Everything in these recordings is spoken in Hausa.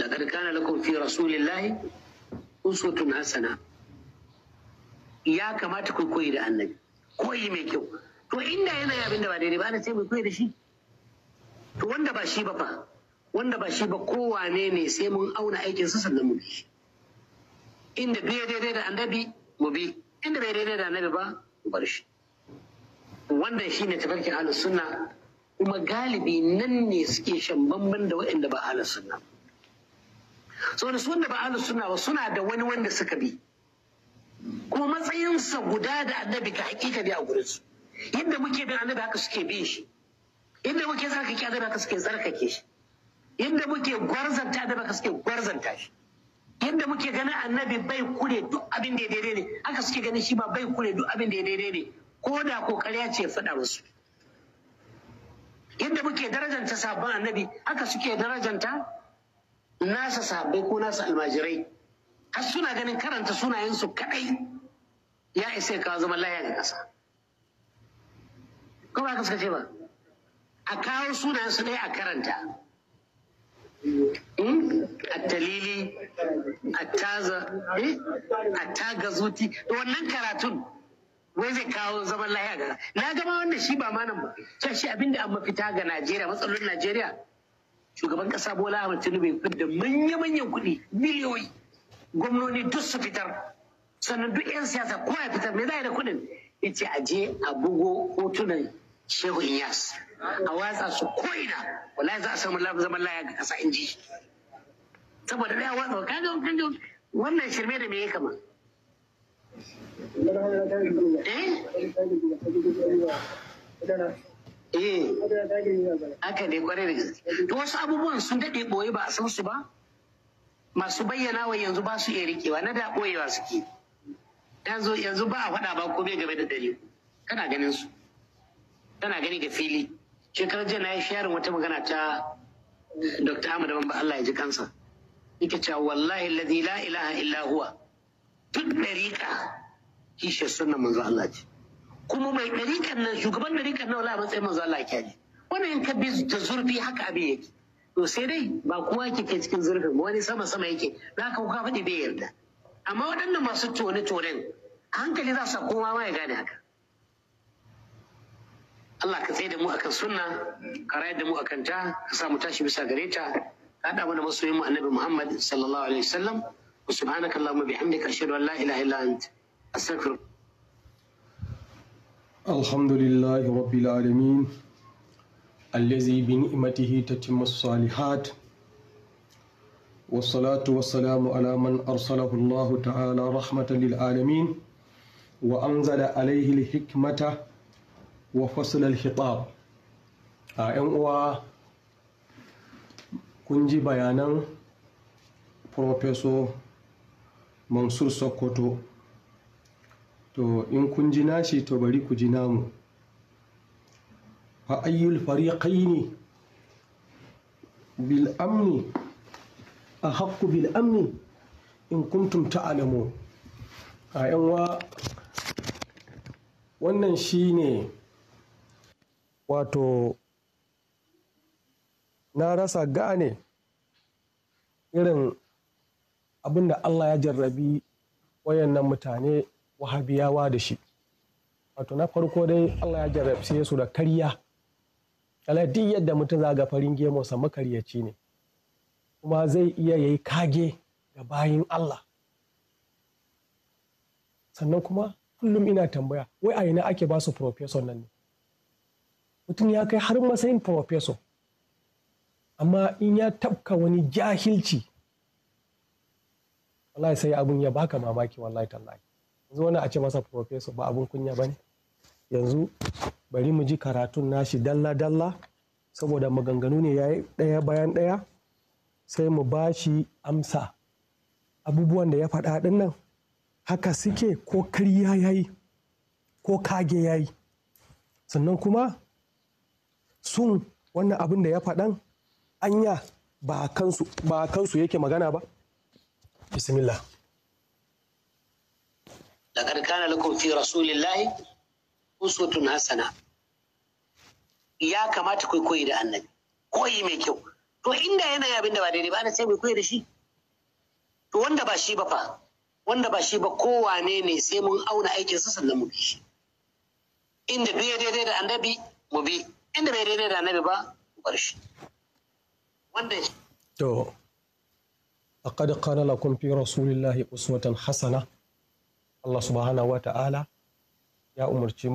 لقد كان لكم في رسول الله أسوة حسنة ya kamata ku koyi da annabi koyi mai kyau to inda yana yi abin da ba ba ana sai mu koyi da shi to wanda ba shi ba wanda ba shi ba kowane ne sai mun auna aikin sa sannan mu shi inda bai daidai da annabi mu bi inda bai daidai da annabi ba mu bar shi wannan shine tafarkin ahlus sunna kuma galibi nan ne suke shan bamban da waɗanda ba ala suna. saboda su wanda ba ala suna ba suna da wani wanda suka bi kuma matsayinsa guda da annabi ga hakika bi a su, yadda muke bin annabi haka suke bin shi yadda muke tsarkake annabi haka suke tsarkake shi yadda muke gwarzanta annabi haka suke gwarzanta shi yadda muke ganin annabi bai kure duk abin da ya daidai ne haka suke ganin shi ba bai kure duk abin da ya daidai ne ko da kokari ya ce faɗa musu yadda muke darajanta sabon annabi haka suke darajanta nasa sabai ko nasa almajirai har suna ganin karanta sunayensu kadai ya isa kawo zama laya ga ƙasa ko ba ka suka ce ba a kawo sunayensu ɗaya a karanta التليلي التازة التاغزوتي wannan karatun wai zai kawo zaman lahiya ga na gama wannan shi ba ma nan ba ta shi abinda an mafita ga najeriya matsalolin najeriya shugaban kasa bola ahmad tinubu ya fitar da manya-manyan kuɗi miliyoyi gwamnoni duk su fitar sannan duk 'yan siyasa kowa ya fitar me za da kuɗin ita ce je a bugo hotunan shehu inyas a watsa su ko'ina wallahi za a samu zaman lahiya ga kasa inji saboda ɗaya watsa kaga wannan shirme da me ya kama Eh, haka ne kwarai da gaske. To wasu abubuwan sun daɗe ɓoye ba a san su ba? Masu bayyana wa yanzu ba su iya rikewa na da ɓoyewa suke. Yanzu yanzu ba a faɗa ba komai game da dare. Kana ganin su. Kana gani ga fili. Shekarar jiya na yi sharin wata magana ta Dr. Ahmad Bamba Allah ya ji kansa. Yake cewa wallahi alladhi la ilaha illa huwa duk ɗariƙa kishe suna manzo Allah ce kuma mai ɗariƙan nan shugaban ɗariƙan nan wala matsayin manzo Allah ke ne in ka bi da zurfi haka abin yake to sai dai ba kowa yake ke cikin zurfin ba wani sama sama yake za ka kuka faɗi bai yarda amma waɗannan masu tone tonen hankali za su kowa ma ya gane haka Allah ka tsaye da mu akan sunna ka rayar da mu akan ta ka sa mu tashi bisa gare ta ka haɗa mana masoyin mu annabi Muhammad sallallahu alaihi wasallam subhanaka allahumma bihamdika ashhadu an la ilaha illa anta astaghfiruka alhamdulillahi rabbil alamin الذي بنعمته تتم الصالحات والصلاة والسلام على من أرسله الله تعالى رحمة للعالمين وأنزل عليه الحكمة وفصل الخطاب أعلم kun ji bayanan Professor mansur sokoto to in kun ji nashi to bari ku ji namu fa ayyul fariqaini bil amni ahaqqu bil amni in kuntum ta'lamu a yanwa wannan shine wato na rasa gane irin da Allah ya jarrabi wayannan mutane wahabiyawa da shi wato na farko dai Allah ya jarrabce su da karya kala duk yadda mutum za ga farin sa makaryaci ne kuma zai iya yayi kage ga bayin Allah sannan kuma kullum ina tambaya wai a ina ake ba su professor nan ne mutum ya kai har matsayin professor amma in ya tabka wani jahilci wallahi sai abun ya baka mamaki wallahi tallahi yanzu wani a ce masa professor ba abun kunya bane yanzu bari mu ji karatun nashi dalla dalla saboda maganganu ne yayi daya bayan daya sai mu bashi amsa abubuwan da ya faɗa din nan haka suke ko karya yayi ko kage yayi sannan kuma sun wannan abin da ya faɗan anya ba kansu yake magana ba bismillah لقد كان لكم في رسول الله أسوة ya kamata ku koyi da annabi koyi mai kyau to inda yana ba daidai ba sai mai koyi da wanda ba shi ba kowane ne sai mun auna aikin sa sannan mu bi shi inda bai daidai da annabi mu bi inda bai daidai da annabi ba bar shi wanda to لقد كان لكم في رسول الله أسوة Allah subhanahu wa ta'ala ya umarci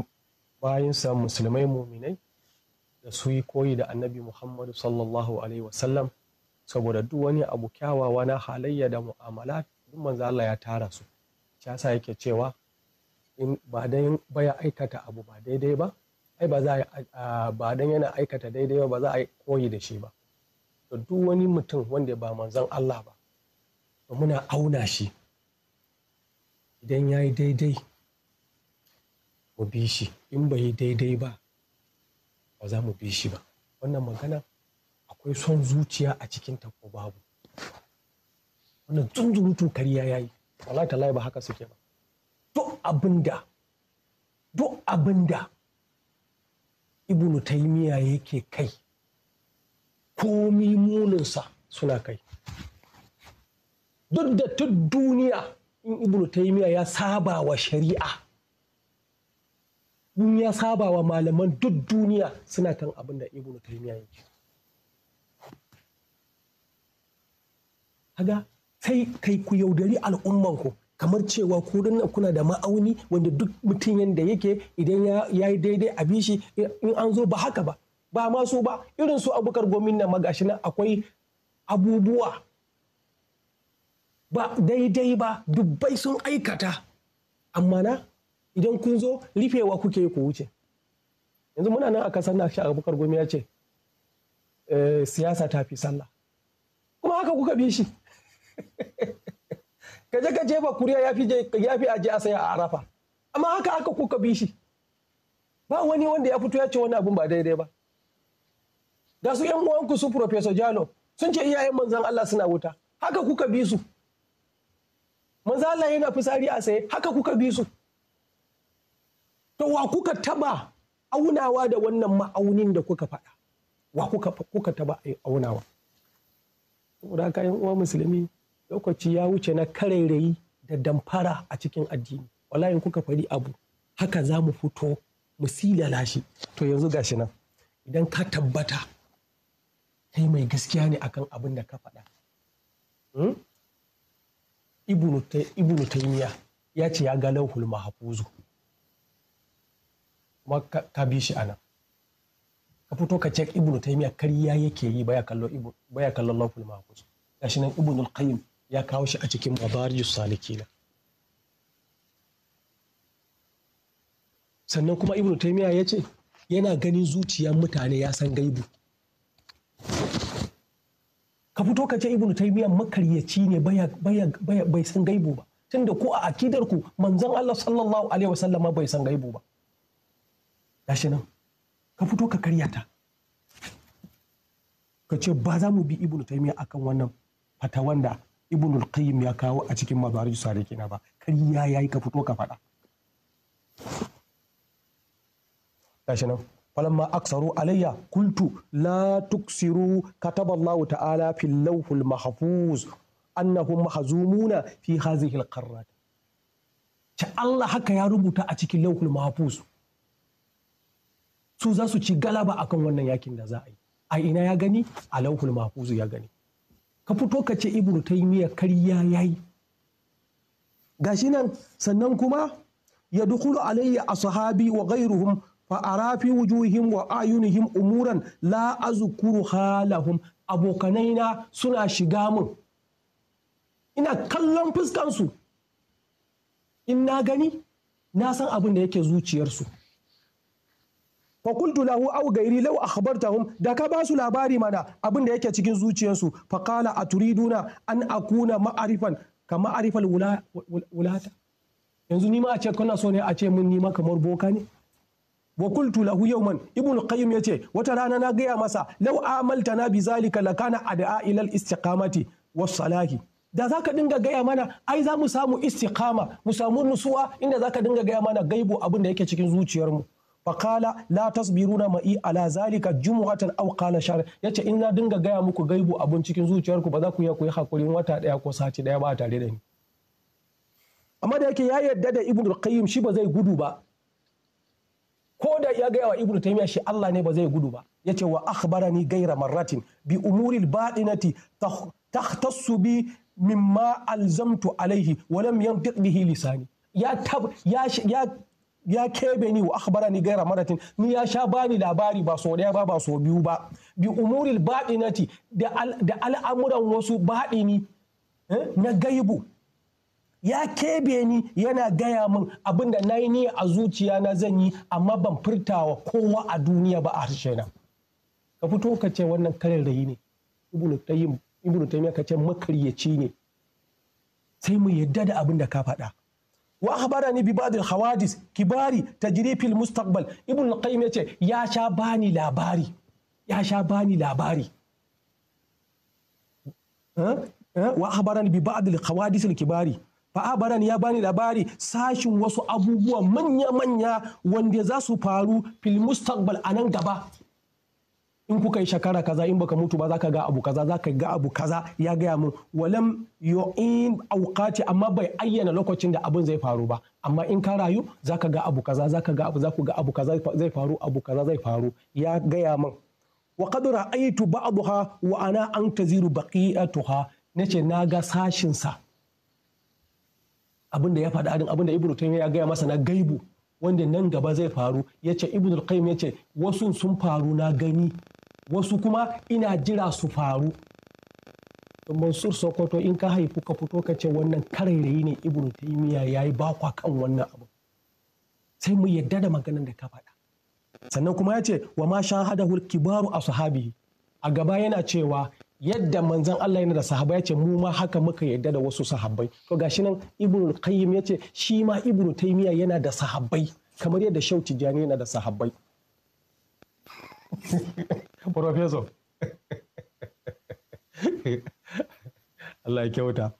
bayansa musulmai muminai da suyi koyi da annabi Muhammadu sallallahu alaihi wasallam saboda duk wani abu kyawawa na halayya da mu'amala duk manzo Allah ya tara su shi yasa yake cewa in ba dan baya aikata abu ba daidai ba ba za a ba aikata daidai ba ba za a koyi da shi ba Da duk wani mutum wanda ba manzon Allah ba muna auna shi idan ya yi daidai mu bi shi in bai yi daidai ba ba za mu bi shi ba wannan magana akwai son zuciya a cikin ko babu wannan zunzurutun kariya ya yi wallahi ba haka suke ba duk abinda duk abinda ibnu taymiya yake kai komi muninsa suna kai duk da ta duniya in ibnu ya saba wa shari'a in ya saba wa malaman duk duniya suna kan abin da ibnu taimiya yake kaga sai kai ku yaudari ku kamar cewa ku nan kuna da ma'auni wanda duk mutum yadda yake idan ya yi daidai a bishi in an zo ba haka ba ba ma so ba irin su abukar gomin na magashi akwai abubuwa ba daidai ba dubbai sun aikata amma na idan kun zo rufewa kuke ku wuce yanzu muna nan a kasar na abubakar gomi ya ce eh, siyasa ta fi sallah kuma haka kuka bi shi kaje ka jefa kuriya ya fi aje a saya a arafa amma haka haka kuka bi shi ba wani wanda ya fito ya ce wani abun ba daidai ba ga su yan uwanku su professor jalo sun ce iyayen manzon Allah suna wuta haka kuka bi su maza Allah yana fitsari a saye haka kuka bi su to wa kuka taba aunawa da wannan ma'aunin da kuka faɗa wa kuka kuka taba aunawa saboda haka yan uwa musulmi lokaci ya wuce na karairayi da damfara a cikin addini wallahi kuka fari abu haka za mu fito mu silala shi to yanzu gashi nan idan ka tabbata kai mai gaskiya ne akan abin da ka faɗa hmm? ibnu taimiya ya ce ya ga lauhul kuma ka bi shi anan ka fito ka ce ibnu taimiya kariya yake yi baya kallo baya kallo lauhul mahfuz nan ibnu qayyim ya kawo shi a cikin madarijus salikina sannan kuma ibnu taimiya ya ce yana ganin zuciyar mutane ya san gaibu ka fito ka ce ibnu taymiya makaryaci ne bai san gaibu ba tunda ko a akidar ku manzon Allah sallallahu alaihi wasallama bai san gaibu ba gashi nan ka fito ka karyata ka ce ba za mu bi ibnu taymiya akan wannan fata wanda ibnu qayyim ya kawo a cikin madarij na ba kariya yayi ka fito ka faɗa gashi nan falamma aksaru alayya kuntu la tuksiru kataballahu ta'ala fil lawhul mahfuz annahum mahzumuna fi hadhihi alqarrat ta Allah haka ya rubuta a cikin lawhul mahfuz su za su ci galaba akan wannan yakin da za a yi a ina ya gani a lawhul mahfuz ya gani ka fito ka ce ibnu taymiya karya yayi gashi nan sannan kuma ya dukulu alayya ashabi wa ghayruhum fa ara wujuhim wa ayunihim umuran la azkuru halahum abokanaina suna shiga mun ina kallon fuskansu in na gani na san abin da yake zuciyarsu fa qultu lahu aw ghayri law akhbartahum da ka basu labari mana abin da yake cikin zuciyarsu fa qala aturiduna an akuna ma'arifan ka ma'arifal wulata yanzu ni ma a ce kuna so ne a ce mun ni ma kamar boka ne wa qultu lahu yawman ibnu qayyim yace wata rana na gaya masa law amalta na bi zalika lakana ad'a ila al istiqamati was salahi da zaka dinga gaya mana ai za mu samu istiqama mu samu nusuwa inda zaka dinga gaya mana gaibo abin da yake cikin zuciyarmu fakala la tasbiruna ma'i ala zalika jumu'atan aw qala shahr yace in na dinga gaya muku gaibo abun cikin zuciyarku ba za ku iya ku yi hakurin wata daya ko sati daya ba tare da ni amma da yake ya yarda da ibnu qayyim shi ba zai gudu ba ko da ya gaya wa ibnu taymiya shi Allah ne ba zai gudu ba yace wa akhbarani gaira marratin bi umuril bainati takhtassu bi mimma alzamtu alaihi wa lam yantiq bihi lisani ya tab ya ya ya kebe ni wa akhbarani gaira maratin ni ya sha bani labari ba so daya ba ba so biyu ba bi umuril batinati da al'amuran wasu baɗini eh, na gaibu ya kebe ni yana gaya min abin da na yi ni a zuciya na zan yi amma ban furtawa kowa a duniya ba a harshe na ka fito ka ce wannan rayi ne Ibn taymiya ka ce makaryaci ne sai mu yadda da abin da ka faɗa wa ni bi ba'd hawadis kibari tajri fil mustaqbal ibn al-qayyim ce ya sha bani labari ya sha bani labari wa ni bi ba'd al-hawadis al-kibari fa'abaran ya bani labari sashin wasu abubuwa manya-manya wanda za su faru fil mustaqbal a nan gaba in kuka yi shakara kaza in baka mutu ba za ka ga abu kaza za ka ga abu kaza ya gaya mun walam yu'in awqati amma bai ayyana lokacin da abun zai faru ba amma in ka rayu ka ga abu kaza ka ga abu ku ga abu kaza zai faru abu kaza zai faru ya gaya mun wa qad ra'aytu ba'daha wa ana antaziru baqiyatuha nace na ga sashin sa abin da ya faɗa adin abin da ibnu taymiya ya gaya masa na gaibu wanda nan gaba zai faru yace ibnu qayyim ce wasu sun faru na gani wasu kuma ina jira su faru mansur sokoto in ka haifu ka fito ka ce wannan karairayi ne ibnu taymiya yayi bakwa kan wannan abu sai mu yadda da maganar da ka faɗa sannan kuma ya ce wa ma al kibaru ashabi a gaba yana cewa yadda manzan Allah yana da sahabai ya ce mu ma haka muka yadda da wasu sahabbai to gashi nan ibnu qayyim ya ce shi ma ibnu taymiya yana da sahabbai kamar yadda shau tijjani yana da sahabbai professor Allah ya kyauta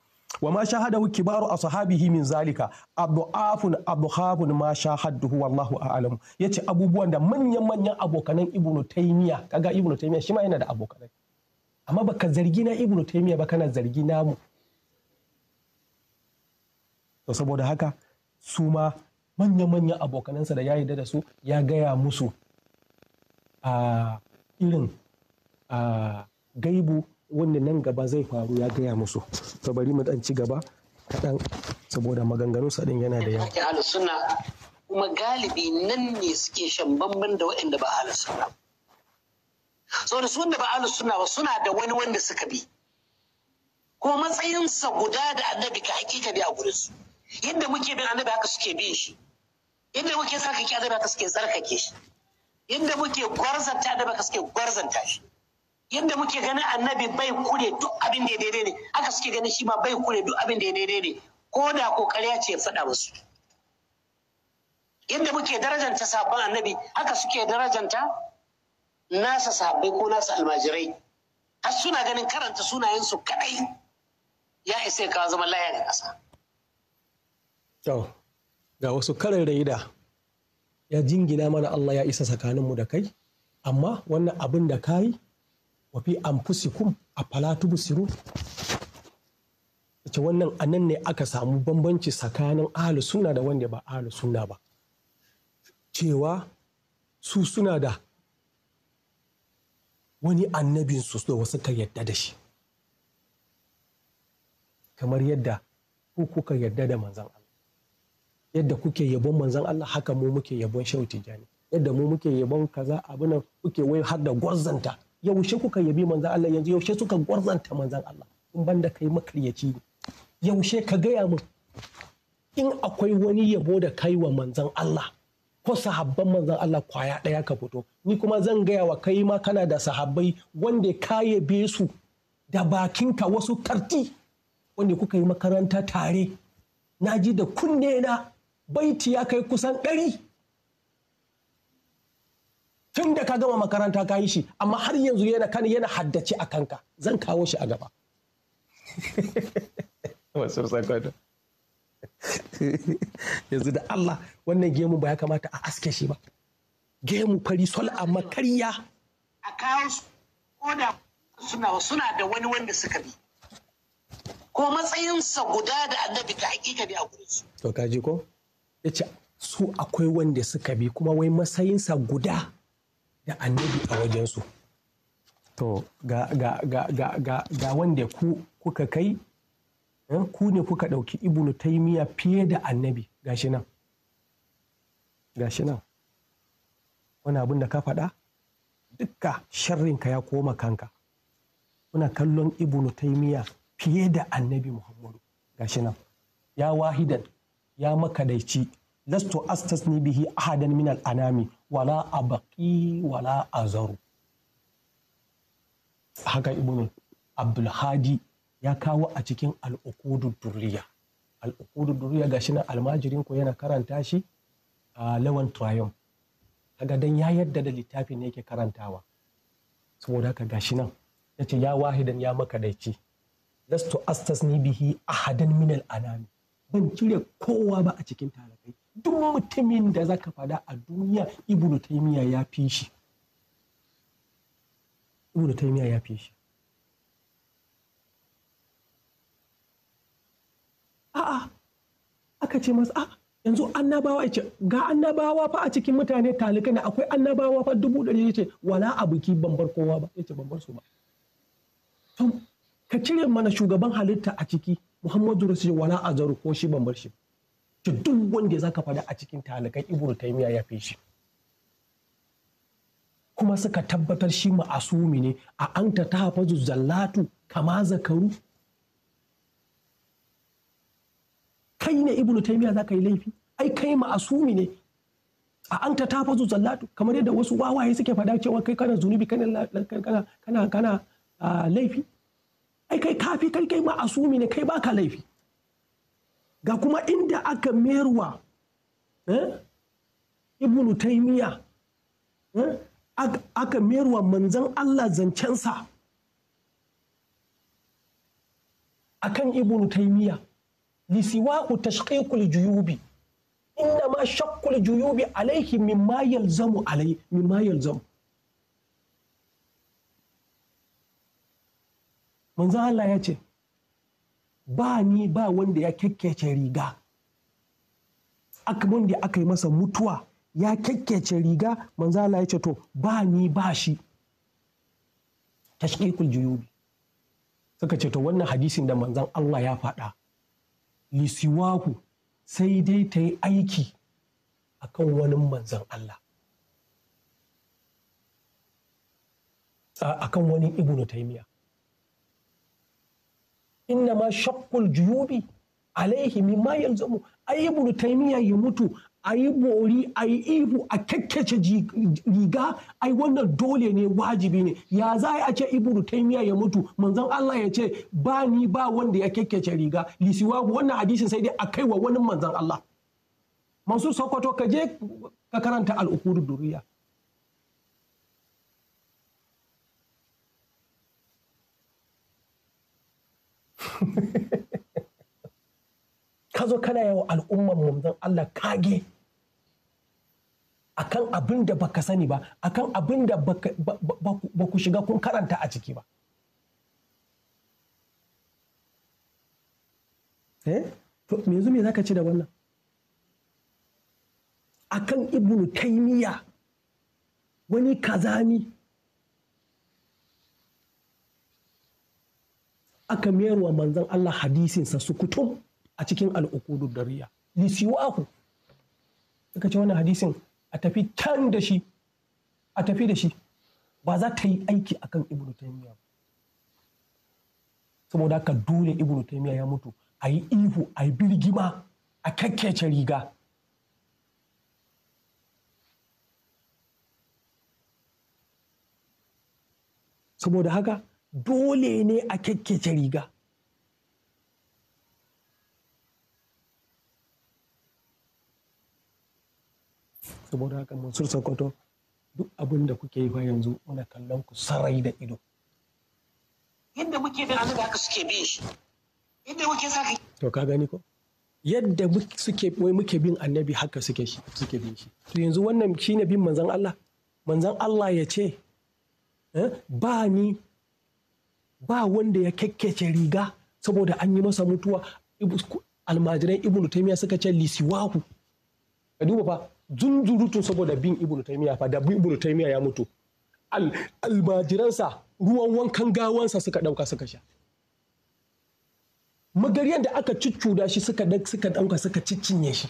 wa ma shahadahu kibaru ashabihi min zalika abdu'afun abduhafun ma shahaduhu wallahu a'lamu yace abubuwan da manyan manyan abokanan ibnu taymiya kaga ibnu taymiya shi ma yana da abokanai amma baka zargi na ibnu taimiyya ba kana zargi namu to saboda haka su ma manya-manyan abokanansa da ya yarda da su ya gaya musu a irin a gaibu wanda nan gaba zai faru ya gaya musu to bari mu dan ci gaba kaɗan saboda maganganun sa din yana da yawa kuma galibi nan ne suke shan bambam da waɗanda ba ahlus saboda su wanda ba ahlus sunna ba suna da wani wanda suka bi kuma matsayinsa guda da annabi ka hakika ne a gurin su yadda muke bin annabi haka suke bin shi yadda muke ki annabi haka suke tsarkake shi yadda muke gwarzanta annabi haka suke gwarzanta shi yadda muke ganin annabi bai kure duk abin da ya daidai ne haka suke ganin shi ma bai kure duk abin da ya daidai ne ko da ko ce ya faɗa musu yadda muke darajanta sabon annabi haka suke darajanta nasa sahabbai ko nasa almajirai har suna ganin karanta sunayensu kadai ya isa ka zama laya ga ƙasa. Kyau, ga wasu karin raida ya jingina mana Allah ya isa tsakaninmu da kai, amma wannan abin da ka yi wafi anfusikum a falatu busiru. Ita wannan anan ne aka samu bambanci tsakanin ahlu suna da wanda ba ahlu suna ba. Cewa su suna da wani annabin su da wasu ka yadda da shi kamar yadda ku kuka yadda da manzan Allah yadda kuke yabon manzan Allah haka mu muke yabon shehu tijjani yadda mu muke yabon kaza abin nan kuke wai har da gwarzanta yaushe kuka yabi manzan Allah yanzu yaushe suka gwarzanta manzan Allah in banda kai makaryaci ne yaushe ka gaya min in akwai wani yabo da kai wa manzan Allah ko sahabban manzon Allah kwaya ɗaya ka fito ni kuma zan gaya wa kai ma kana da sahabbai wanda ka yabe su da bakinka wasu karti wanda kuka yi makaranta tare na ji da kunne na baiti ya kai kusan ɗari tun da ka gama makaranta ka yi shi amma har yanzu yana kan yana haddace a kanka zan kawo shi a gaba. yanzu da Allah wannan gemu ba ya kamata a aske shi ba gemu fari sol amma karya a kawo koda suna suna da wani wanda suka bi ko matsayinsa guda da annabi ta hakika ne a gurin to kaji ko yace su akwai wanda suka bi kuma wai matsayinsa guda da annabi a wajensu to ga, ga, ga, ga wanda ku kuka kai Eh, ku ne kuka ɗauki ibnu taimiya fiye da annabi gashi nan gashi nan wani abin da ka faɗa dukka sharrinka ya koma kanka kuna kallon ibnu taimiya fiye da annabi muhammadu gashi nan ya wahidan ya makadaici astas astasni bihi ahadan min anami wala a baki, wala azaru haka ibnu abdulhadi ya kawo a cikin al'ukudu duriya al'ukudu duriya na almajirin ko yana karanta shi a lawan trium kaga dan ya yadda da littafin ne yake karantawa saboda haka gashi nan ce ya wahidan ya makadaici lastu astasni bihi ahadan min al'anami ban cire kowa ba a cikin talakai duk mutumin da zaka fada a duniya ibnu taymiya ya fi shi ibnu taymiya ya fi shi a'a aka ce masa a. Ah, yanzu annabawa ce ga annabawa fa a cikin mutane talikai ne akwai annabawa fa dubu ɗari ce wala a bambar kowa ba ya ce bambar su ba to ka cire mana shugaban halitta a ciki muhammadu rasul wala a zaru ko shi bambar shi ki duk wanda zaka faɗa a cikin talikai ibnu taymiya ya fi shi kuma suka tabbatar shi ma'asumi ne a anta ta hafa zallatu kama zakaru kai ne ibnu za ka yi laifi ai kai ma'asumi ne a an ta tafazu zallatu kamar yadda wasu wawaye suke fada cewa kai kana zunubi kana kana laifi ai kai kafi kai kai ma'asumi ne kai baka laifi ga kuma inda aka meruwa eh, ibnu taimiya eh, aka meruwa manzan Allah zancensa akan ibnu taimiya lisiwaku tashqiqul juyubi inna ma shaqqul juyubi alaihi mimma yalzamu alai mimma yalzamu manzo Allah ya ce ba ni ba wanda ya kyakkyace riga aka wanda aka yi masa mutuwa ya kyakkyace riga manzo Allah ya ce to ba ni ba shi tashqiqul juyubi suka ce to wannan hadisin da manzon Allah ya faɗa lisiwaku sai dai ta yi aiki a kan wani manzan Allah a kan wani ibnu taimiya inna ma shakkul juyubi alaihi mimma yalzamu ai ibnu taimiya ya mutu a yi bori a yi ihu a kyakkyace riga ai wannan dole ne wajibi ne ya za a ce ibnu taimiya ya mutu manzon Allah ya ce ba ni ba wanda ya kyakkyace riga lisiwa wannan hadisin sai dai a kai wa wani manzon Allah masu sokoto ka je ka karanta al'ukuru duriya ka zo kana yawa al'ummar manzon Allah kage akan abin da baka sani ba akan abin da ba ku shiga kun karanta a ciki ba eh to me yanzu me zaka ci da wannan akan ibnu taymiya wani kazami aka wa manzon Allah hadisinsa su kutum a cikin al'ukudu dariya lisiwaku aka ce wannan hadisin a tafi can da shi a tafi da shi ba za ta yi aiki a kan ibn taymiya ba saboda haka dole ibn taymiya ya mutu a yi ihu a yi birgima a kakkece riga saboda haka dole ne a kyakkyace riga saboda haka mansur sokoto duk abin da kuke yi fa yanzu muna kallon ku sarai da ido yadda muke bin annabi haka suke bin shi yadda muke saka to ka gani ko yadda suke wai muke bin annabi haka suke shi suke bin shi to yanzu wannan shine bin manzon Allah manzon Allah ya ce eh, ba ni ba wanda ya kekkece riga saboda an yi masa mutuwa almajiran ibnu taymiya suka ce lisiwahu ka duba fa zunzurutun saboda bin ibnu taimiya fa da bin ibnu taimiya ya mutu almajiransa ruwan wankan gawansa suka ɗauka suka sha magaryan da aka cuccuda shi suka suka ɗauka suka ciccinye shi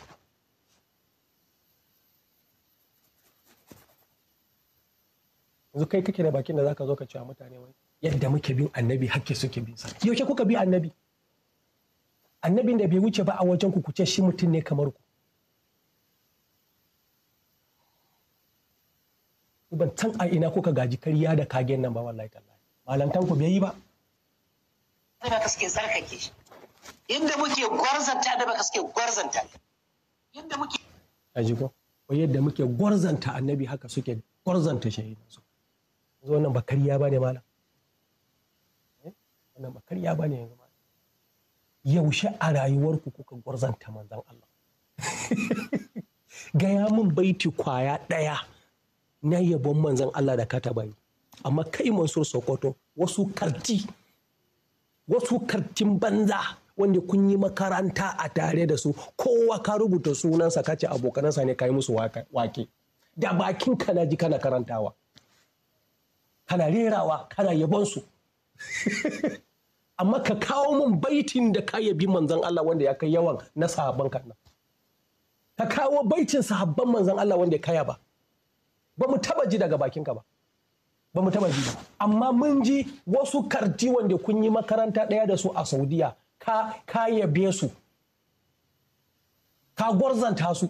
yanzu kai kake da bakin da zaka zo ka cewa mutane wai yadda muke bin annabi hakke suke bin sa yaushe kuka bi annabi annabin da bai wuce ba a wajen ku kuce shi mutum ne kamar ku ban can a ina kuka gaji kariya da kagen nan ba wallahi tallahi malantan ku bai yi ba da baka suke tsarkake shi inda muke gwarzanta da baka suke gwarzanta inda muke aji ko ko yadda muke gwarzanta annabi haka suke gwarzanta shahidan su yanzu wannan ba kariya bane malam eh? wannan ba kariya bane yanzu malam yaushe a rayuwar ku kuka gwarzanta manzon Allah gaya min baiti kwaya ɗaya na yabon manzan Allah da kata bayi amma kai Mansur Sokoto wasu karti wasu kartin banza wanda kun yi makaranta a tare da su kowa ka rubuta sunansa ka ce abokanansa ne ka yi musu wake da bakin kana ji kana karantawa kana rerawa kana yabonsu amma ka kawo mun baitin da ka yabi manzan Allah wanda ya kai yawan na sahabban ka ka kawo baitin sahabban manzan Allah wanda ya kaya ba ba mu taba ji daga bakinka ba ba mu taba ji ba amma mun ji wasu karti wanda kun yi makaranta ɗaya da su a saudiya ka ka yabe su ka gwarzanta su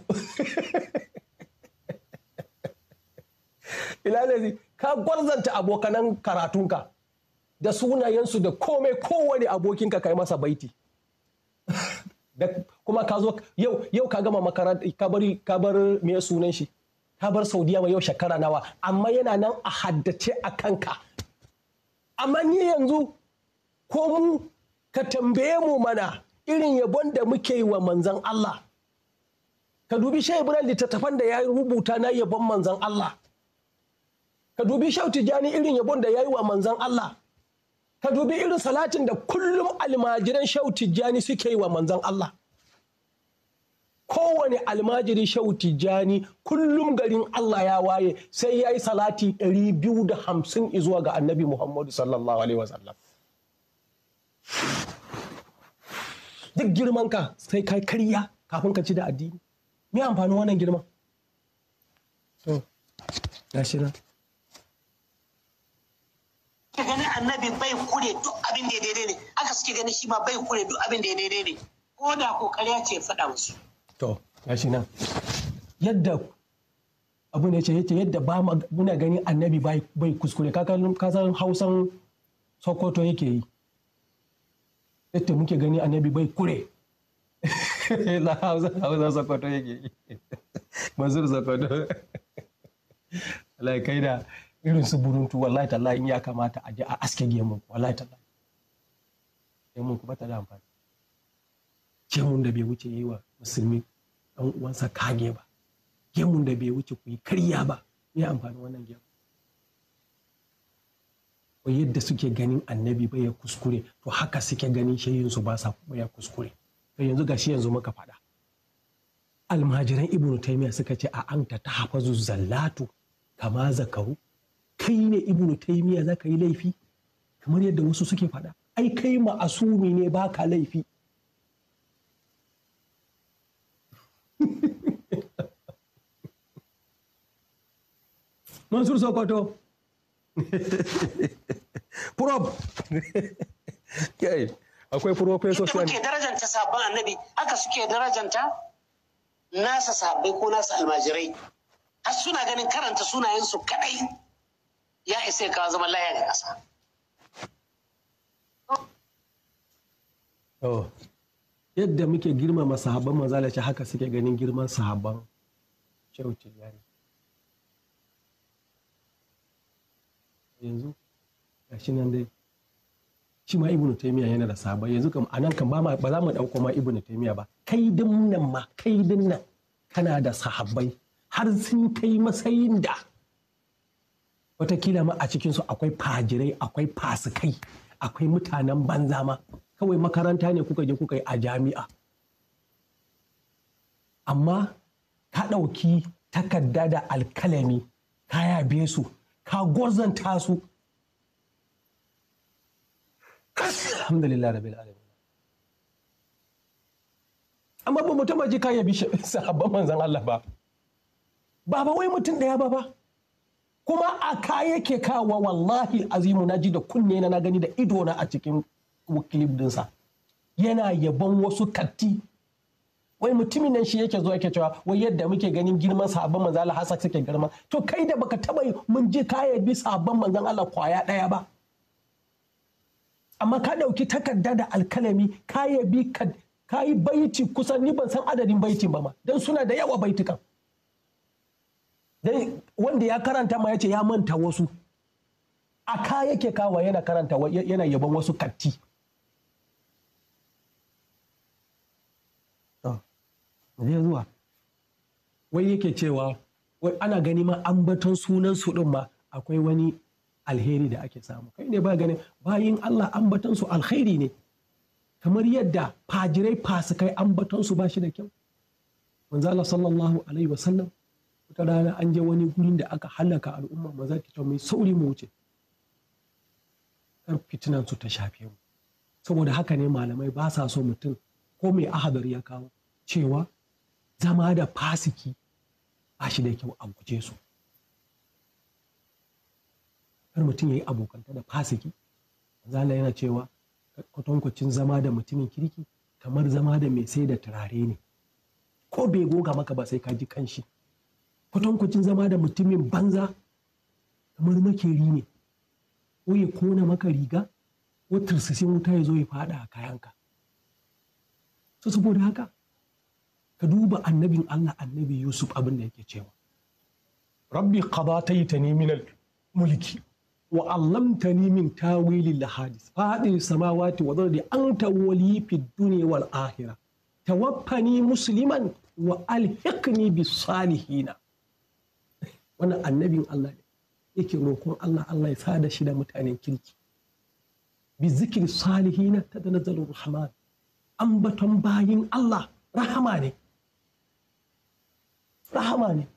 ilalazi ka gwarzanta abokanan karatunka da sunayensu da komai kowane abokinka kai masa baiti da kuma ka zo yau yau ka gama makaranta ka bar me sunan shi ka bar saudiya wa yau shekara nawa amma yana nan a haddace a kanka amma ni yanzu ko mu ka tambaye mu mana irin yabon da muke yi wa manzan Allah ka dubi shai ibrahim littattafan da ya rubuta na yabon manzan Allah ka dubi shau tijani irin yabon da ya yi wa manzan Allah ka dubi irin salatin da kullum almajiran shau tijjani suke yi wa manzan Allah kowane almajiri shau tijjani kullum garin Allah ya waye sai ya yi salati 250 zuwa ga annabi Muhammadu sallallahu alaihi wasallam duk girman ka sai kai karya kafin ka ci da addini me amfanin wannan girman to gashi nan suke annabi bai kure duk abin da ya daidai ne aka suke gani shi ma bai kure duk abin da ya daidai ne ko da kokari ce faɗa musu to gashi nan yadda abu ne ce yadda ba muna gani annabi bai kuskure ka san hausan sokoto yake yi yadda muke gani annabi bai kure na hausa sokoto yake yi mazur sokoto wallahi kai da irin su buruntu wallahi tallahi in ya kamata a je a aske gemu wallahi tallahi gemu kuma ta da amfani gemun da bai wuce yi wa musulmi ɗan uwansa kage ba gemun da bai wuce ku yi karya ba me amfanin wannan gemu ko yadda suke ganin annabi bai ya kuskure to haka suke ganin su ba sa kuma ya kuskure to yanzu gashi yanzu muka faɗa almajiran ibnu taymiya suka ce a anta ta hafazu zallatu kama zakaru kai ne ibnu taymiya zaka yi laifi kamar yadda wasu suke faɗa ai kai ma asumi ne baka laifi Mansur Sokoto. Prop. Kai, akwai professor Sani. Ita darajanta sabon annabi, haka suke darajanta nasa sabai ko nasa almajirai. Har suna ganin karanta sunayensu kadai ya isa ka zama laya da kasa. Oh. yadda muke girmama sahabban manzala ce haka suke ganin girman sahabban kyautin yare yanzu ga shi nan dai shi ma ibnu taymiya yana da sahabbai yanzu kam anan kan ba ba za mu ɗauko ma ibnu taymiya ba kai din nan ma kai din nan kana da sahabbai har sun kai matsayin da watakila ma a cikinsu akwai fajirai akwai fasikai akwai mutanen banza ma kawai makaranta ne kuka je kuka yi a jami'a amma ka ɗauki takarda da alkalami ka yabe su ka gwarzanta su amma ba mutum ji ka yabi sahabban manzan Allah ba ba ba wai mutum ɗaya ba ba kuma a ka ke kawa wallahi azimu na ji da kunne na na gani da idona a cikin clip dinsa yana yabon wasu katti wai mutumin nan shi yake zo yake cewa wai yadda muke ganin girman sahabban manzon Allah hasa suke girma to kai da baka taba mun je kaya bi sahabban manzon Allah kwaya daya ba amma ka dauki takarda da alkalami kaya bi ka yi baiti kusan ni ban san adadin baitin ba ma dan suna da yawa baitukan dan wanda ya karanta ma yace ya manta wasu a ka yake kawa yana karanta yana yabon wasu katti zai zuwa wai yake cewa wai ana gani ma baton sunan su ɗin ma akwai wani alheri da ake samu kai ne ba ganin bayin Allah baton su alheri ne kamar yadda fajirai fasikai baton su ba shi da kyau manzo Allah sallallahu alaihi wasallam wata rana an je wani gurin da aka halaka al'umma maza ta mai sauri mu wuce kar fitinan su ta shafe mu saboda haka ne malamai ba sa so mutum ko mai ahadar ya kawo cewa zama da fasiki ba shi da kyau a guje su kar mutum ya yi abokanta da fasiki zala yana cewa kwatankwacin zama da mutumin kirki kamar zama da mai sai da turare ne ko bai goga maka ba sai ka ji kanshi kwatankwacin zama da mutumin banza kamar makeri ne ko ya kona maka riga ko tursasin wuta ya zo ya fada a kayanka su saboda haka ka duba annabin Allah annabi Yusuf abin da yake cewa rabbi qadataitani ta al-mulki wa allamtani min tawili hadis fadil samawati wa dhardi anta wali fid dunya wal akhirah tawaffani musliman wa alhiqni bis salihina? wannan annabin Allah ne yake roƙon Allah Allah ya sada shi da mutanen kirki bi zikri salihina tadanzalu rahman ambaton bayin Allah rahama ne rahama ne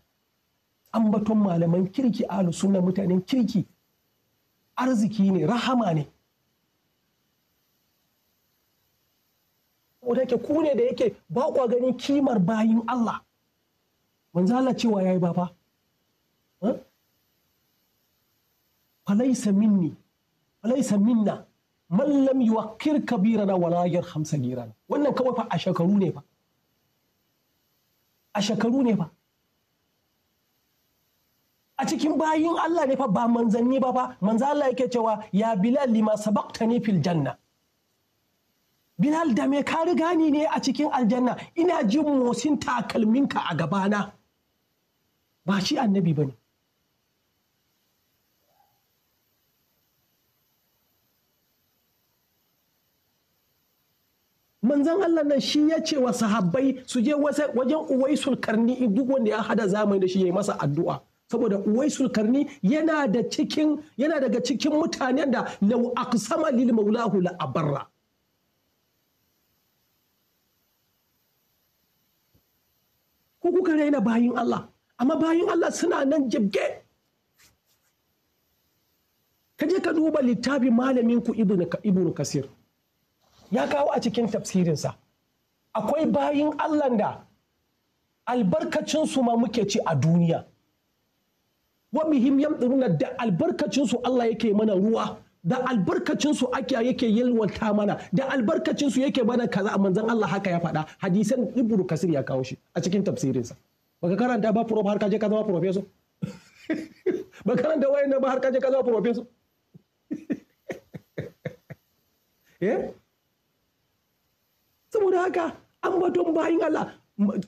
ambaton malaman kirki alu suna mutanen kirki arziki ne rahama ne wadda ke ku ne da yake ba kwa ganin kimar bayin Allah manzo Allah cewa yayi baba fa falaisa minni falaisa minna man lam yuwakkir kabirana wala yarham sagiran wannan kawai fa a shekaru ne fa a shekaru ne fa a cikin bayin Allah ne fa ba manzanni ba fa manzo Allah yake cewa ya Bilal lima sabaqtani fil janna Bilal da me ka riga ni ne a cikin aljanna ina jin motsin takalminka a gabana ba shi annabi bane manzan Allah nan shi ya ce wa sahabbai su je wajen uwaisul karni duk wanda ya hada zamani da shi ya yi masa addu'a saboda uwai sulkarni yana da cikin yana daga cikin mutanen da lau aqsama lil maulahu la abarra ko kuka raina bayin Allah amma bayin Allah suna nan jibge ka ka duba littafin malamin ku ibnu kasir ya kawo a cikin tafsirinsa akwai bayin Allah da albarkacin su ma muke ci a duniya wa muhimmiyan tsiruna da albarkacinsu Allah yake mana ruwa da albarkacinsu ake yake yalwata mana da albarkacinsu yake mana kaza manzan Allah haka ya faɗa hadisan ibnu kasir ya kawo shi a cikin tafsirinsa baka karanta ba prof har ka je ka zama professor ba karanta wayan ba har ka je ka zama professor eh saboda haka an bato bayin Allah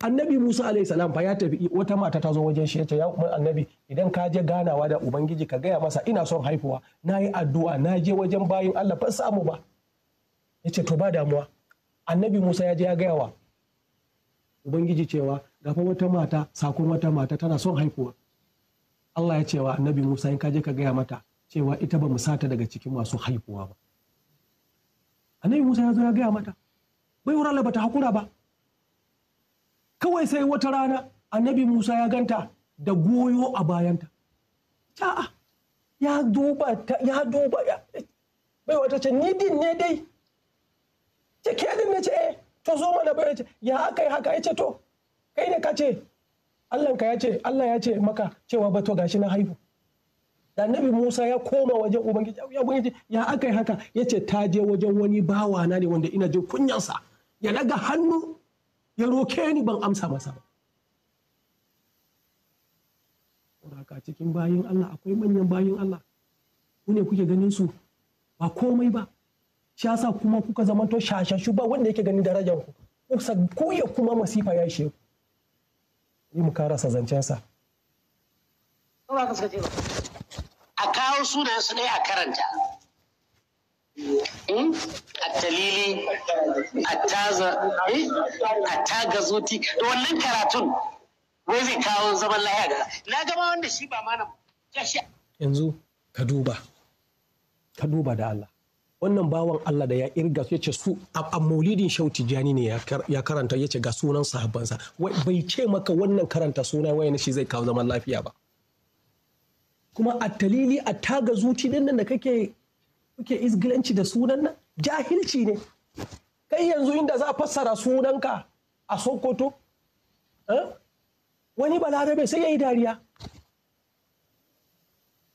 annabi musa alayhi salam fa ya tafi wata mata ta zo wajen shi ya ce ya annabi idan ka je ganawa da ubangiji ka gaya masa ina son haifuwa na yi addu'a na je wajen bayin allah ban samu ba ya ce to ba damuwa annabi musa ya je ya gaya wa ubangiji cewa fa wata mata sakon wata mata tana son haifuwa allah ya cewa annabi musa in ka je ka gaya mata cewa ita ba mu sata daga cikin masu haifuwa ba annabi musa ya zo ya gaya mata bai wura ba ta hakura ba kawai sai wata rana annabi musa ya ganta da goyo a bayanta a'a ya duba ta ya duba ya bai wata ce ni din ne dai ce ke din ne ce eh to zo mana bai ce ya aka yi haka ya ce to kai ne ka ce Allah ka ya ce Allah ya ce maka cewa ba to gashi na haihu da annabi Musa ya koma wajen ubangiji ya ubangiji ya aka yi haka ya ce ta je wajen wani bawana ne wanda ina jin kunyansa ya daga hannu ya roke ni ban amsa masa ba haka cikin bayan Allah akwai manyan bayan Allah ku ne kuke ganin su ba komai ba shi yasa kuma kuka zamanto shashashu ba wanda yake gani darajar ku kusa koya kuma masifa ya ishe ku ni mu karasa zancen sa a kawo sunan su ne a karanta Hmm? attalili eh? yanzu ka duba ka duba da Allah wannan bawan Allah da ya irga ya ce su a maulidin shauti jani ne ya karanta ya ce ga sunan sahabbansa bai ce maka wannan karanta suna waye shi zai kawo zaman lafiya ba kuma a talili a taga zuci din nan da kake kuke izgilanci da sunan nan jahilci ne kai yanzu inda za a fassara sunanka a sokoto eh? wani balarabe sai ya yi dariya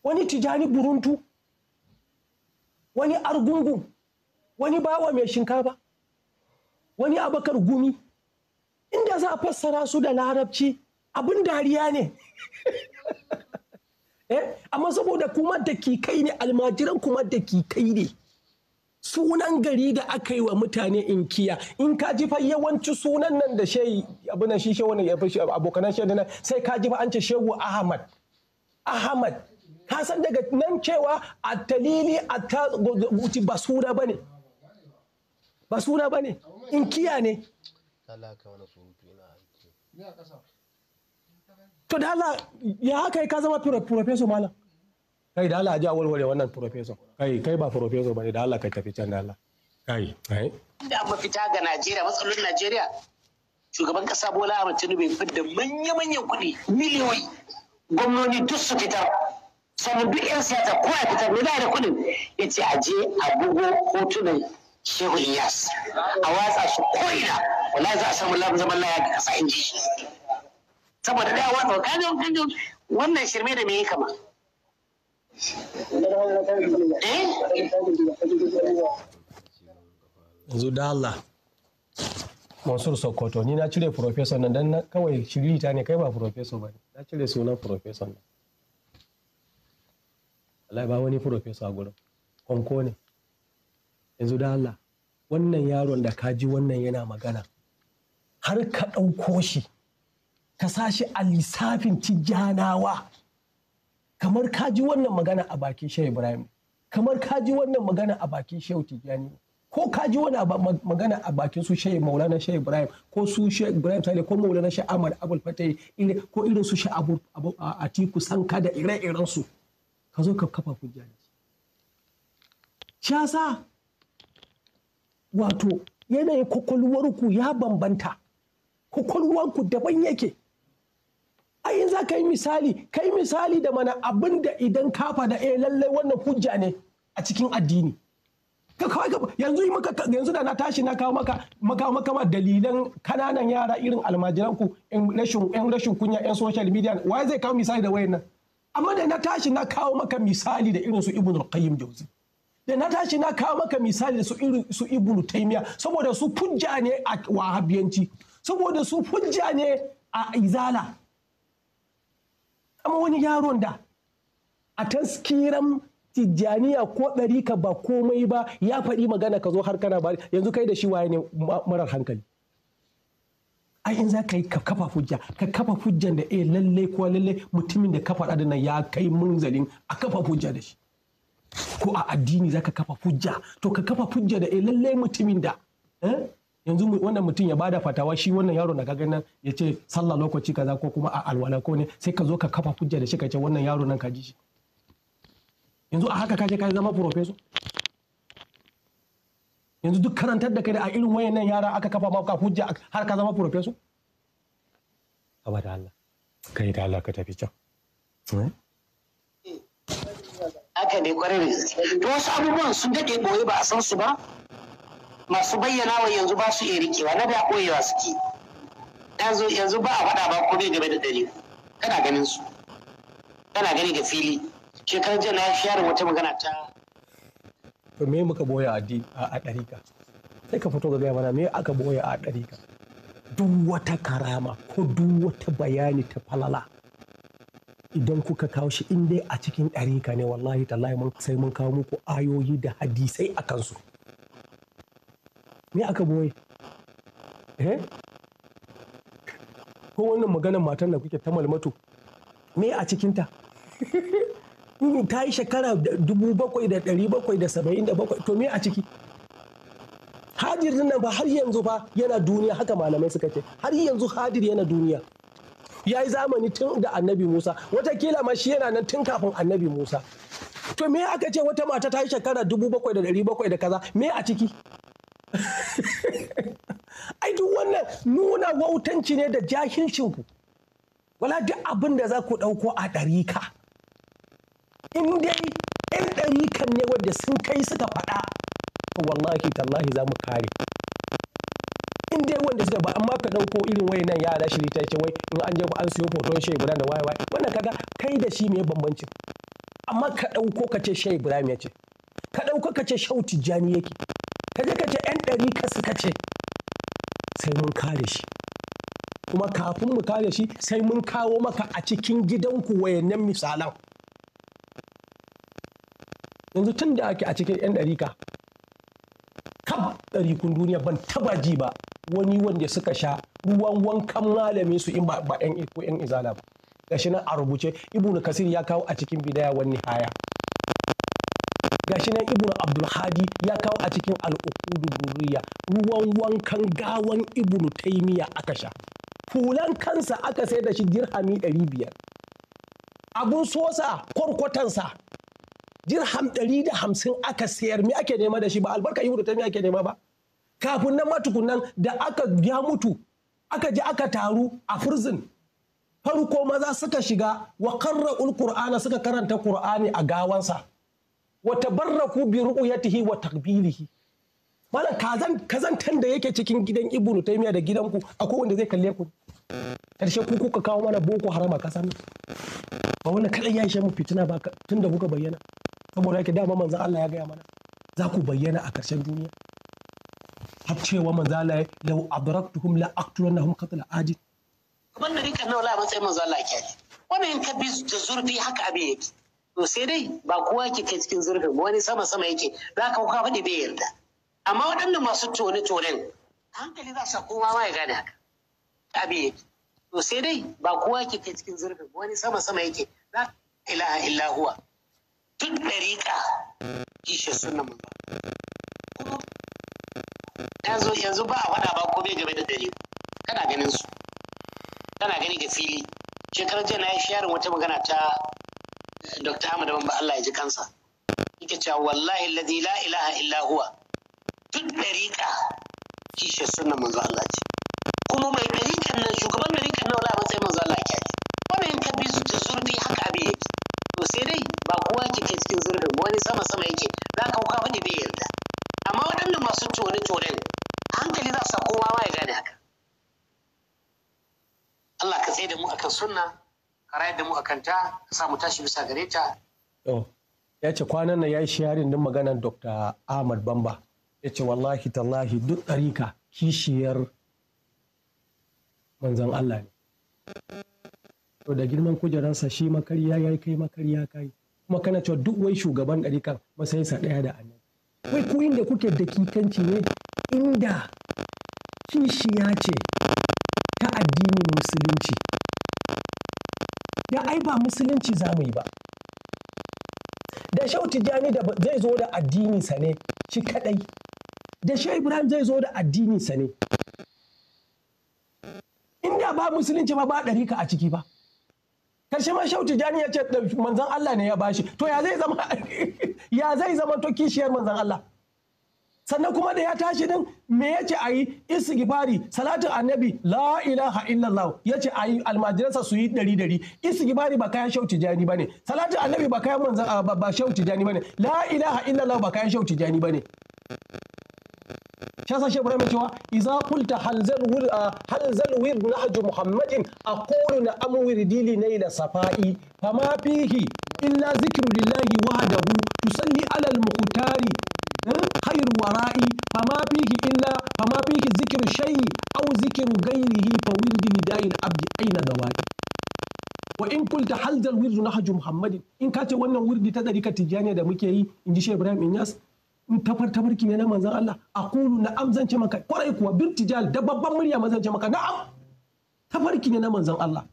wani tijani buruntu wani Argungu, wani bawa mai shinkafa wani abakar gumi inda za a fassara su da larabci abin dariya ne eh amma saboda kuma da kai ne almajiran kuma da kai ne sunan gari da aka yi wa mutane inkiya in ka ji fa yawanci sunan nan da shai, abu na shi wani ya ne abokanan shi nan sai ka ji fa an ce shehu ahmad ahmad ka san daga nan cewa a talili a ta ba suna ba ne ba suna ba ne kiya ne to da Allah ya haka ka zama professor malam kai da Allah a ji a warware wannan professor kai kai ba professor bane da Allah kai tafi can da Allah kai kai da mafita ga Najeriya matsalolin Najeriya shugaban kasa Bola Ahmed Tinubu ya da manya-manyan kuɗi miliyoyi gwamnoni duk su fita sannan duk 'yan siyasa ko ya fitar ne da kudin ya ce a je a bugo hotunan Shehu Iyas a watsa su ko'ina wala za a samu zaman laya ga kasa inji shi saboda da wani kajin kajin wannan shirme da mai yi kama eh? yanzu da Allah Mansur Sokoto ni na cire professor nan dan kawai shiri ta ne kai ba professor ba na cire sunan professor nan Allah ba wani professor a gurin konko ne yanzu da Allah wannan yaron da ka ji wannan yana magana har ka ɗauko shi ka sa shi a lissafin tijjanawa kamar ka ji wannan magana a bakin shehu ibrahim kamar ka ji wannan magana a bakin shehu tijjani ko ka ji wani magana a bakin su shehu maulana shehu ibrahim ko su shehu ibrahim tale ko maulana shehu ahmad abul fatai ko irin su shehu atiku sanka da ire-iren su ka zo ka kafa hujjaji shasa wato yanayin kwakwalwarku ya bambanta kwakwalwarku daban yake ai in za ka yi misali ka yi misali da mana abin da idan ka faɗa eh lallai wannan hujja ne a cikin addini ka kawai ka yanzu maka yanzu da na tashi na kawo maka maka maka ma dalilan kananan yara irin almajiran ku in rashin kunya in social media wai zai kawo misali da wayannan amma da na tashi na kawo maka misali da irin su ibnu qayyim jauzi da na tashi na kawo maka misali da su irin su ibnu taymiya saboda su hujja ne a wahabiyanci saboda su hujja ne a izala amma wani yaron da a taskiran tijjaniya ko ɗari ka ba komai ba ya faɗi magana ka zo har kana ba yanzu kai da shi waye ne marar hankali ai in za ka yi ka kafa hujja ka kafa hujjan da eh lalle ko lalle mutumin da kafa da nan ya kai munzalin a kafa hujja da shi ko a addini za ka kafa hujja to ka kafa hujja da eh lalle mutumin da eh, yanzu wannan mutum ya bada fatawa shi wannan yaro na kaga nan ya ce sallah lokaci kaza ko kuma a alwala ko ne sai ka zo ka kafa hujja da shi ka ce wannan yaro nan ka ji shi yanzu a haka kaje ka zama professor yanzu duk karantar da kai da a irin wayannan yara aka kafa maka hujja har ka zama professor abada Allah kai da Allah ka tafi can eh? haka ne kwarai da gaske to wasu abubuwan sun dade boye ba a san su ba masu bayyana wa yanzu ba su iya rikewa na da koyewa suke yanzu ba a faɗa ba ne game da dare kana ganin su kana gani da fili shekaran jiya na share wata magana ta to me muka boya a a ɗarika sai ka fito ga gaya mana me aka boya a ɗarika duk wata karama ko duk wata bayani ta falala idan kuka kawo shi in dai a cikin ɗarika ne wallahi tallahi mun sai mun kawo muku ayoyi da hadisai a kansu. me aka boye eh ko wannan maganar matan da kuke ta malmato me a cikinta ta yi shekara dubu bakwai da ɗari bakwai da saba'in da bakwai to me a ciki hadir nan ba har yanzu fa yana duniya haka malamai suka ce har yanzu hadir yana duniya ya yi zamani tun da annabi musa watakila ma shi yana nan tun kafin annabi musa to me aka ce wata mata ta yi shekara dubu bakwai da ɗari bakwai da kaza me a ciki ai duk wannan nuna wautanci ne da jahilcin ku wala duk abin da za ku ɗauko a ɗarika in dai ɗan ɗarikan ne wanda sun kai suka faɗa wallahi tallahi za mu kare in dai wanda suka ba amma ka ɗauko irin wai nan yara shiri ta ce wai in an je an siyo hoton shai ibrahim da wayewa wannan kaga kai da shi me bambancin amma ka ɗauko ka ce shai ibrahim ya ce ka ɗauko ka ce shauti jani yake ka je ka ce 'yan ɗari ka suka ce sai mun kare shi kuma kafin mu kare shi sai mun kawo maka a cikin gidanku wayannan misalan yanzu tun da ake a cikin 'yan ɗarika kan ɗarikun duniya ban taba ji ba wani wanda suka sha ruwan wankan malamin su in ba 'yan ko 'yan izala ba gashi nan a rubuce ibnu kasir ya kawo a cikin bidaya wani haya gashi nan ibnu abdulhadi ya kawo a cikin al'ukudu duriya ruwan wankan gawan ibnu taimiya aka sha hulan kansa aka sai da shi dirhami 500 abun sosa kwarkwatansa dirham 150 aka sayar me ake nema da shi ba albarka ibnu taimiya ake nema ba kafin nan matukunan da aka ya mutu aka je aka taru a prison farko maza suka shiga wa qarra'ul qur'ana suka karanta qur'ani a gawansa wa tabarraku bi ru'yatihi wa takbirihi malam kazan da yake cikin gidan ibnu taymiya da gidanku akwai wanda zai kalle ku karshe ku kuka kawo mana boko haram a nan ba wannan kadan ya shi mu fitina ba tunda kuka bayyana saboda yake dama manzon Allah ya gaya mana za ku bayyana a karshen duniya har cewa manzo Allah law adraktuhum la aqtulannahum qatla adil wannan rikan nawa la matsayin manzo Allah kyale wannan in ka bi da zurfi haka abin yake to sai dai ba kowa ke kai cikin zurfin wani sama sama yake za ka kuka faɗi bai yarda amma waɗannan masu tone tonen hankali za su kowa ma ya gane haka abin yake to sai dai ba kowa ke kai cikin zurfin wani sama sama yake za ka ilaha illa huwa duk ɗariƙa kishe sunan mun yanzu yanzu ba a faɗa ba bai game da dare kana ganin su kana gani ga fili shekarar jiya na yi sharin wata magana ta Dr. Ahmad Bamba Allah ya ji kansa yake cewa wallahi alladhi la ilaha illa huwa duk dariƙa kishe sunnan manzo Allah ce kuma mai dariƙan nan shugaban dariƙa a rayar da mu akan ta ka sa mu tashi bisa gare ta ya ce kwanan nan ya yi sharing din maganar dr ahmad bamba ya ce wallahi tallahi duk ɗarika kishiyar manzan allah ne to da girman kujeransa shi makarya ya yi kai makarya kai kuma kana cewa duk wai shugaban ɗarikan masayinsa ɗaya da annabi wai ku inda kuke da kikanci ne inda kishiya ce ta addinin musulunci ya ai ba musulunci za mu yi ba da shehu tijjani da zai zo da addini sa ne shi kadai da shehu ibrahim zai zo da addini sa ne inda ba musulunci ba ba ka a ciki ba karshe ma shehu tijjani ya ce manzan allah ne ya bashi to ya zai zama ya zai zama to kishiyar manzan allah sannan kuma da ya tashi din me yace ayi istighfari salatin annabi la ilaha illallah yace ayi almajiransa su yi dari dari istighfari ba kayan shauti jani bane salatin annabi ba kayan manzan ah, ba shauti jani bane la ilaha illallah ba kayan shauti jani bane shasa shi ibrahim cewa iza qulta halzal wir ah, halzal wir nahju muhammadin aqulu na amwir dili naila safai fama fihi illa zikru lillahi wahdahu tusalli ala al-muqtari khairu wara'i fama fihi illa fama fihi zikru shay'i aw zikru ghairihi fa wirdi nida'il abdi aina dawaki wa in kulta halzal wirdu nahju muhammadin in ka ce wannan wirdi ta dariƙa tijjaniya da muke yi in ji shehu ibrahim inyas in tafar tafarki ne na manzon Allah aqulu na amzance maka kwarai kuwa birtijal da babban murya manzance maka na'am tafarki ne na manzon Allah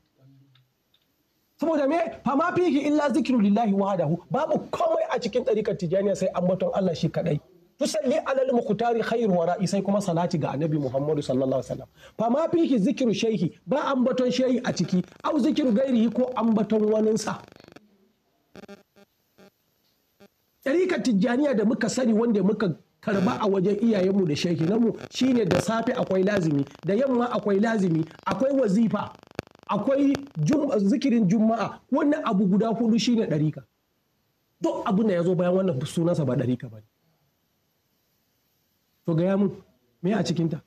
saboda me fama fihi illa zikru lillahi wahdahu babu komai a cikin ɗarikar tijaniya sai ambaton Allah shi kadai tusalli alal mukhtari khairu ra'i sai kuma salati ga annabi muhammad sallallahu alaihi wasallam fama fihi zikru shehi ba ambaton shehi a ciki au zikru ghairihi ko ambaton waninsa ɗarikar tijjaniya da muka sani wanda muka karba a wajen iyayenmu da shehinanmu shine da safe akwai lazimi da yamma akwai lazimi akwai wazifa akwai zikirin juma'a wannan abu guda hudu shine ɗarika duk abin da ya zo bayan wannan sunansa ba ɗarika ba to gaya mun me a cikinta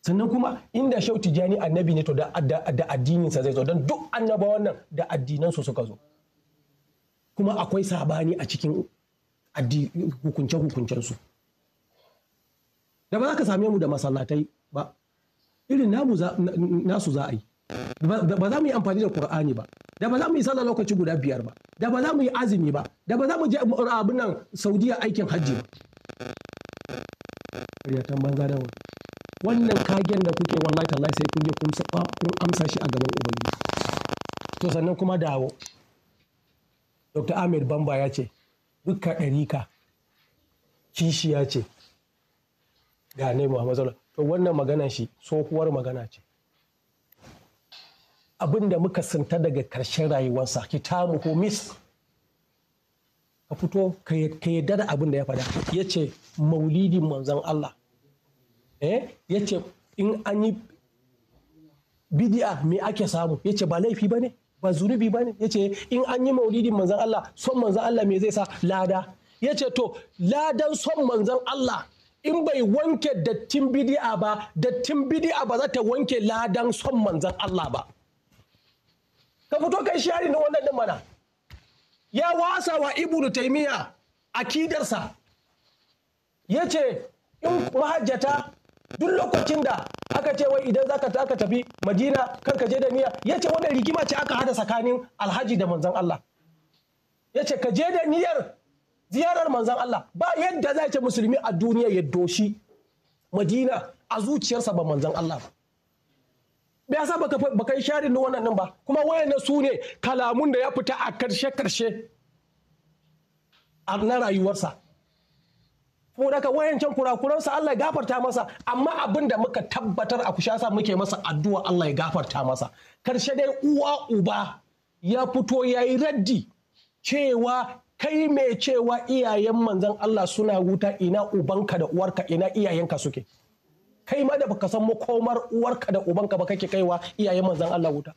sannan kuma inda shau tijani annabi ne to da addininsa zai zo don duk annaba wannan da addinansu suka zo kuma akwai sabani a cikin hukunce-hukuncensu da ba za ka same mu da masallatai ba irin namu nasu za a yi ba za mu yi amfani da Qur'ani ba da ba za mu yi sallah lokaci guda biyar ba da ba za mu yi azumi ba da ba za mu je abin nan Saudiya aikin hajji ba riyatan banza da wannan kagen da kuke wallahi tallahi sai kun je kun amsa shi a gaban ubangiji to sannan kuma dawo Dr. Ahmed Bamba ya ce dukkan ɗarika kishiya ce ga ne Muhammadu to wannan magana shi tsohuwar magana ce abin da muka sinta daga karshen rayuwarsa ki mu ko mis ka fito ka yadda da abin da ya faɗa ya ce maulidin manzan Allah eh ya ce in an yi bidi'a me ake samu ya ce ba laifi ba ne ba zunubi ba ne ya ce in an yi maulidin manzan Allah son manzan Allah me zai sa lada ya ce to ladan son manzan Allah in bai wanke dattin bidi'a ba dattin bidi'a ba za ta wanke ladan son manzan Allah ba ka fito kai shari na wannan mana ya wasa wa ibnu a akidarsa ya ce in mahajjata duk lokacin da aka ce wai idan zaka ta tafi madina kar ka je da niyya ya ce wannan rigima ce aka hada tsakanin alhaji da manzan Allah ya ce ka je da niyyar ziyarar manzan Allah ba yadda zai ce musulmi a duniya ya doshi madina a zuciyarsa ba manzan Allah ba me yasa baka yi sharin da wannan ba kuma wayannan su ne kalamun da ya fita a karshe karshe a na rayuwarsa ko daga wayancan kurakuransa Allah ya gafarta masa amma abin da muka tabbatar a kusha sa muke masa addu'a Allah ya gafarta masa karshe dai uwa uba ya fito ya yi raddi cewa kai me cewa iyayen manzan Allah suna wuta ina ubanka da uwarka ina iyayenka suke kai ma da baka san makomar uwarka da ubanka ba kake kaiwa iyayen manzan Allah wuta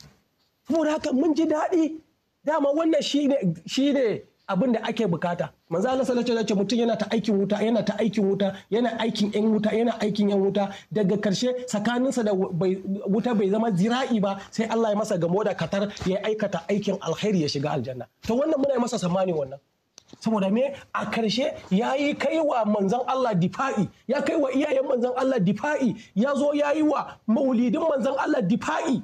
saboda haka mun ji daɗi dama wannan shine shine abin da ake bukata manzo Allah sallallahu alaihi mutum yana ta aikin wuta yana ta aikin wuta yana aikin yan wuta yana aikin yan wuta daga karshe tsakaninsa da wuta bai zama zira'i ba sai Allah ya masa gamo da katar ya aikata aikin alkhairi ya shiga aljanna to wannan muna masa samani wannan saboda me a karshe ya yi kai wa manzan Allah difa'i ya kai wa iyayen manzan Allah difa'i ya zo ya yi wa maulidin manzan Allah difa'i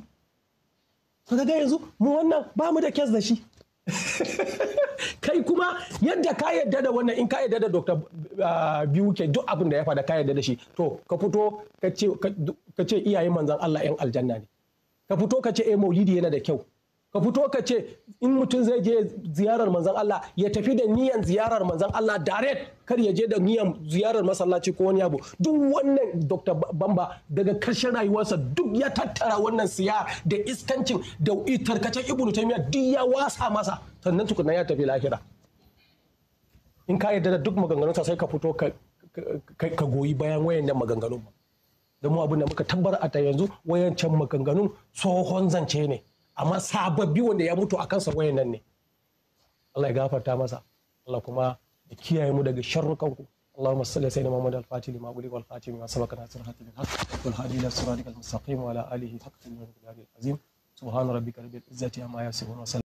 kaga ga yanzu mu wannan ba mu da kes da shi kai kuma yadda ka yadda da wannan in ka yadda da Dr. Ah, Biwuke duk abin da ya faɗa ka yadda da shi to ka fito ka ce iyayen manzan Allah 'yan aljanna ne ka fito ka ce eh maulidi yana da kyau ka fito ka ce in mutum zai je ziyarar manzan Allah ya tafi da niyan ziyarar manzan Allah direct kar ya je da niyan ziyarar masallaci ko wani abu duk wannan Dr. Bamba daga karshen rayuwarsa duk ya tattara wannan siya da iskancin da tarkacen ibnu Taymiyyah duk ya wasa masa sannan tukunna ya tafi lahira in ka yarda da duk ta sai ka fito ka goyi bayan wayannan maganganun da mu abin da muka tabbar a ta yanzu wayancan maganganun tsohon zance ne amma sababbi wanda ya mutu a kansa wayan nan ne Allah ya gafarta masa Allah kuma ya kiyaye mu daga sharrukan ku اللهم صل على سيدنا محمد الفاتح لما أغلق والخاتم لما سبق ناصر الحق والهادي إلى صراطك المستقيم وعلى آله حق العظيم سبحان ربك رب العزة عما يصفون